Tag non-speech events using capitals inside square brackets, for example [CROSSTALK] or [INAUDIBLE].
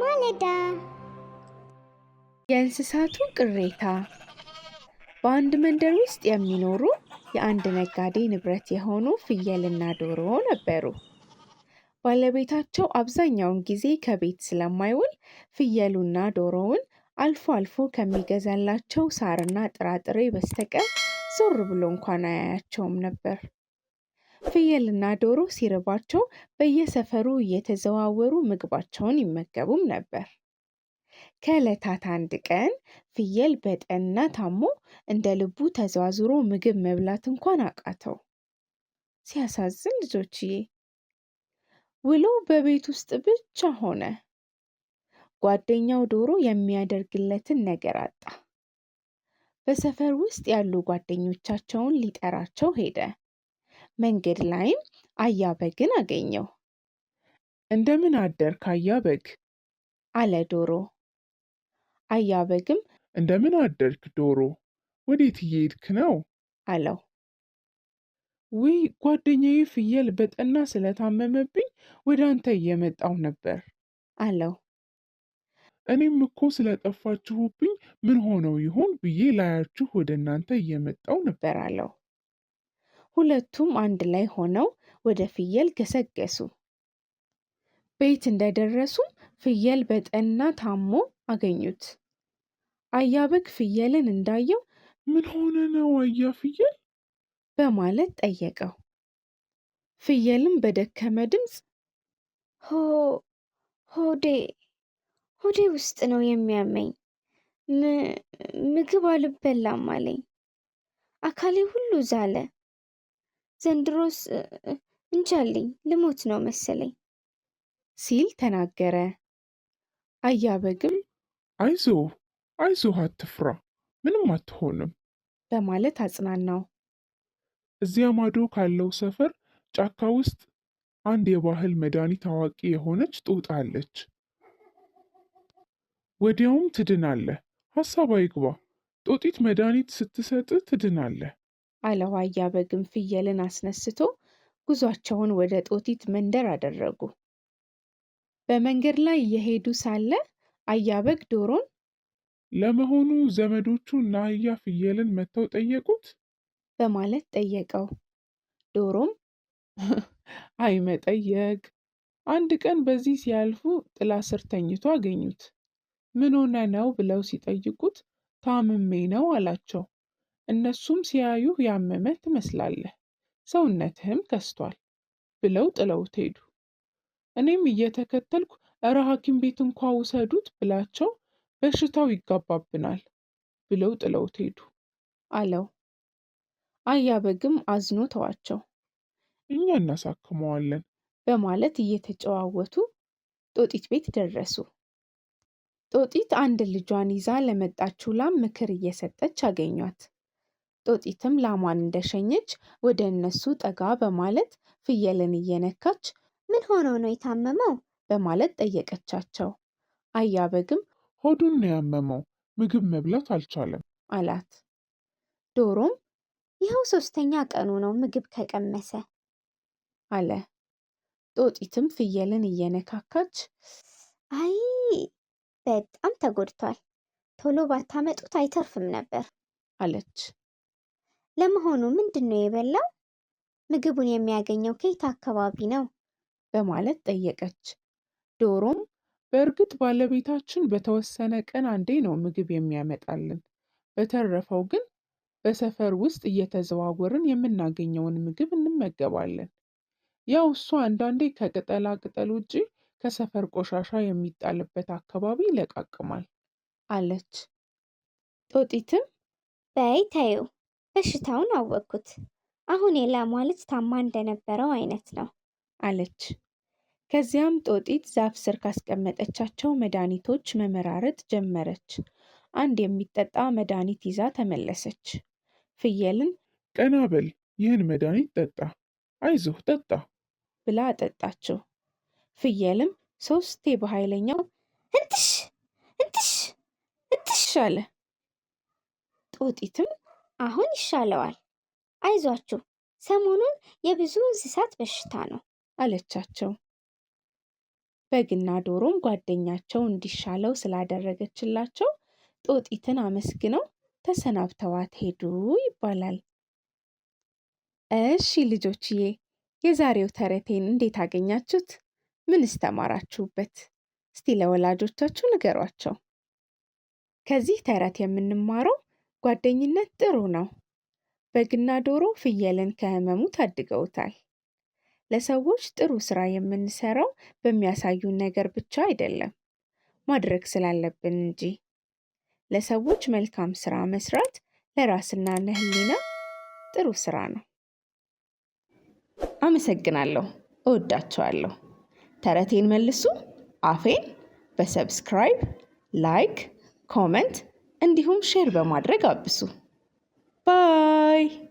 ማለዳ የእንስሳቱ ቅሬታ በአንድ መንደር ውስጥ የሚኖሩ የአንድ ነጋዴ ንብረት የሆኑ ፍየልና ዶሮ ነበሩ። ባለቤታቸው አብዛኛውን ጊዜ ከቤት ስለማይውል ፍየሉና ዶሮውን አልፎ አልፎ ከሚገዛላቸው ሳርና ጥራጥሬ በስተቀር ዞር ብሎ እንኳን አያያቸውም ነበር። ፍየልና ዶሮ ሲርባቸው በየሰፈሩ እየተዘዋወሩ ምግባቸውን ይመገቡም ነበር። ከዕለታት አንድ ቀን ፍየል በጠና ታሞ እንደ ልቡ ተዘዋዝሮ ምግብ መብላት እንኳን አቃተው። ሲያሳዝን ልጆችዬ! ውሎ በቤት ውስጥ ብቻ ሆነ። ጓደኛው ዶሮ የሚያደርግለትን ነገር አጣ። በሰፈር ውስጥ ያሉ ጓደኞቻቸውን ሊጠራቸው ሄደ። መንገድ ላይም አያበግን አገኘው። እንደምን አደርክ አያበግ? አለ ዶሮ። አያበግም እንደምን አደርክ ዶሮ፣ ወዴት እየሄድክ ነው? አለው። ውይ ጓደኛዬ ፍየል በጠና ስለታመመብኝ ወደ አንተ እየመጣው ነበር አለው። እኔም እኮ ስለጠፋችሁብኝ ምን ሆነው ይሆን ብዬ ላያችሁ ወደ እናንተ እየመጣው ነበር አለው። ሁለቱም አንድ ላይ ሆነው ወደ ፍየል ገሰገሱ። ቤት እንደደረሱም ፍየል በጠና ታሞ አገኙት። አያበግ ፍየልን እንዳየው ምን ሆነ ነው አያ ፍየል በማለት ጠየቀው። ፍየልም በደከመ ድምፅ ሆ ሆዴ ሆዴ ውስጥ ነው የሚያመኝ፣ ምግብ አልበላም አለኝ፣ አካሌ ሁሉ ዛለ፣ ዘንድሮስ እንጃልኝ ልሞት ነው መሰለኝ ሲል ተናገረ። አያበግም አይዞ አይዞ አትፍራ፣ ምንም አትሆንም በማለት አጽናናው። እዚያ ማዶ ካለው ሰፈር ጫካ ውስጥ አንድ የባህል መድኃኒት አዋቂ የሆነች ጦጣ አለች። ወዲያውም ትድናለህ፣ ሀሳብ አይግባ። ጦጢት መድኃኒት ስትሰጥ ትድናለህ አለዋ በግም ፍየልን አስነስቶ ጉዟቸውን ወደ ጦቲት መንደር አደረጉ። በመንገድ ላይ እየሄዱ ሳለ አያበግ ዶሮን ለመሆኑ ዘመዶቹ እና አህያ ፍየልን መጥተው ጠየቁት? በማለት ጠየቀው። ዶሮም [LAUGHS] አይ መጠየቅ፣ አንድ ቀን በዚህ ሲያልፉ ጥላ ስር ተኝቶ አገኙት። ምን ሆነ ነው ብለው ሲጠይቁት ታምሜ ነው አላቸው። እነሱም ሲያዩ ያመመ ትመስላለህ፣ ሰውነትህም ከስቷል ብለው ጥለውት ሄዱ። እኔም እየተከተልኩ እረ ሐኪም ቤት እንኳ ውሰዱት ብላቸው በሽታው ይጋባብናል ብለው ጥለውት ሄዱ አለው። አያበግም አዝኖ ተዋቸው። እኛ እናሳክመዋለን በማለት እየተጨዋወቱ ጦጢት ቤት ደረሱ። ጦጢት አንድ ልጇን ይዛ ለመጣችው ላም ምክር እየሰጠች አገኟት። ጦጢትም ላሟን እንደሸኘች ወደ እነሱ ጠጋ በማለት ፍየልን እየነካች ምን ሆኖ ነው የታመመው በማለት ጠየቀቻቸው። አያበግም ሆዱን ነው ያመመው፣ ምግብ መብላት አልቻለም አላት። ዶሮም ይኸው ሶስተኛ ቀኑ ነው ምግብ ከቀመሰ አለ። ጦጢትም ፍየልን እየነካካች አይ በጣም ተጎድቷል፣ ቶሎ ባታመጡት አይተርፍም ነበር አለች። ለመሆኑ ምንድን ነው የበላው? ምግቡን የሚያገኘው ከየት አካባቢ ነው? በማለት ጠየቀች። ዶሮም በእርግጥ ባለቤታችን በተወሰነ ቀን አንዴ ነው ምግብ የሚያመጣልን፣ በተረፈው ግን በሰፈር ውስጥ እየተዘዋወርን የምናገኘውን ምግብ እንመገባለን። ያው እሱ አንዳንዴ ከቅጠላ ቅጠል ውጪ ከሰፈር ቆሻሻ የሚጣልበት አካባቢ ይለቃቅማል አለች። ጦጢትም በይ ተይው በሽታውን አወቅኩት። አሁን የላሟ ልጅ ታማ እንደነበረው አይነት ነው አለች። ከዚያም ጦጢት ዛፍ ስር ካስቀመጠቻቸው መድኃኒቶች መመራረጥ ጀመረች። አንድ የሚጠጣ መድኃኒት ይዛ ተመለሰች። ፍየልን ቀና በል፣ ይህን መድኃኒት ጠጣ፣ አይዞህ ጠጣ ብላ አጠጣችው። ፍየልም ሶስቴ በኃይለኛው እንትሽ እንትሽ እንትሽ አለ። ጦጢትም አሁን ይሻለዋል። አይዟችሁ፣ ሰሞኑን የብዙ እንስሳት በሽታ ነው አለቻቸው። በግና ዶሮም ጓደኛቸው እንዲሻለው ስላደረገችላቸው ጦጢትን አመስግነው ተሰናብተዋት ሄዱ ይባላል። እሺ ልጆችዬ፣ የዛሬው ተረቴን እንዴት አገኛችሁት? ምን እስተማራችሁበት? እስቲ ለወላጆቻችሁ ንገሯቸው። ከዚህ ተረት የምንማረው ጓደኝነት ጥሩ ነው። በግና ዶሮ ፍየልን ከህመሙ ታድገውታል። ለሰዎች ጥሩ ስራ የምንሰራው በሚያሳዩን ነገር ብቻ አይደለም፣ ማድረግ ስላለብን እንጂ። ለሰዎች መልካም ስራ መስራት ለራስና ለህሊና ጥሩ ስራ ነው። አመሰግናለሁ። እወዳቸዋለሁ። ተረቴን መልሱ። አፌን በሰብስክራይብ፣ ላይክ፣ ኮመንት እንዲሁም ሼር በማድረግ አብሱ ባይ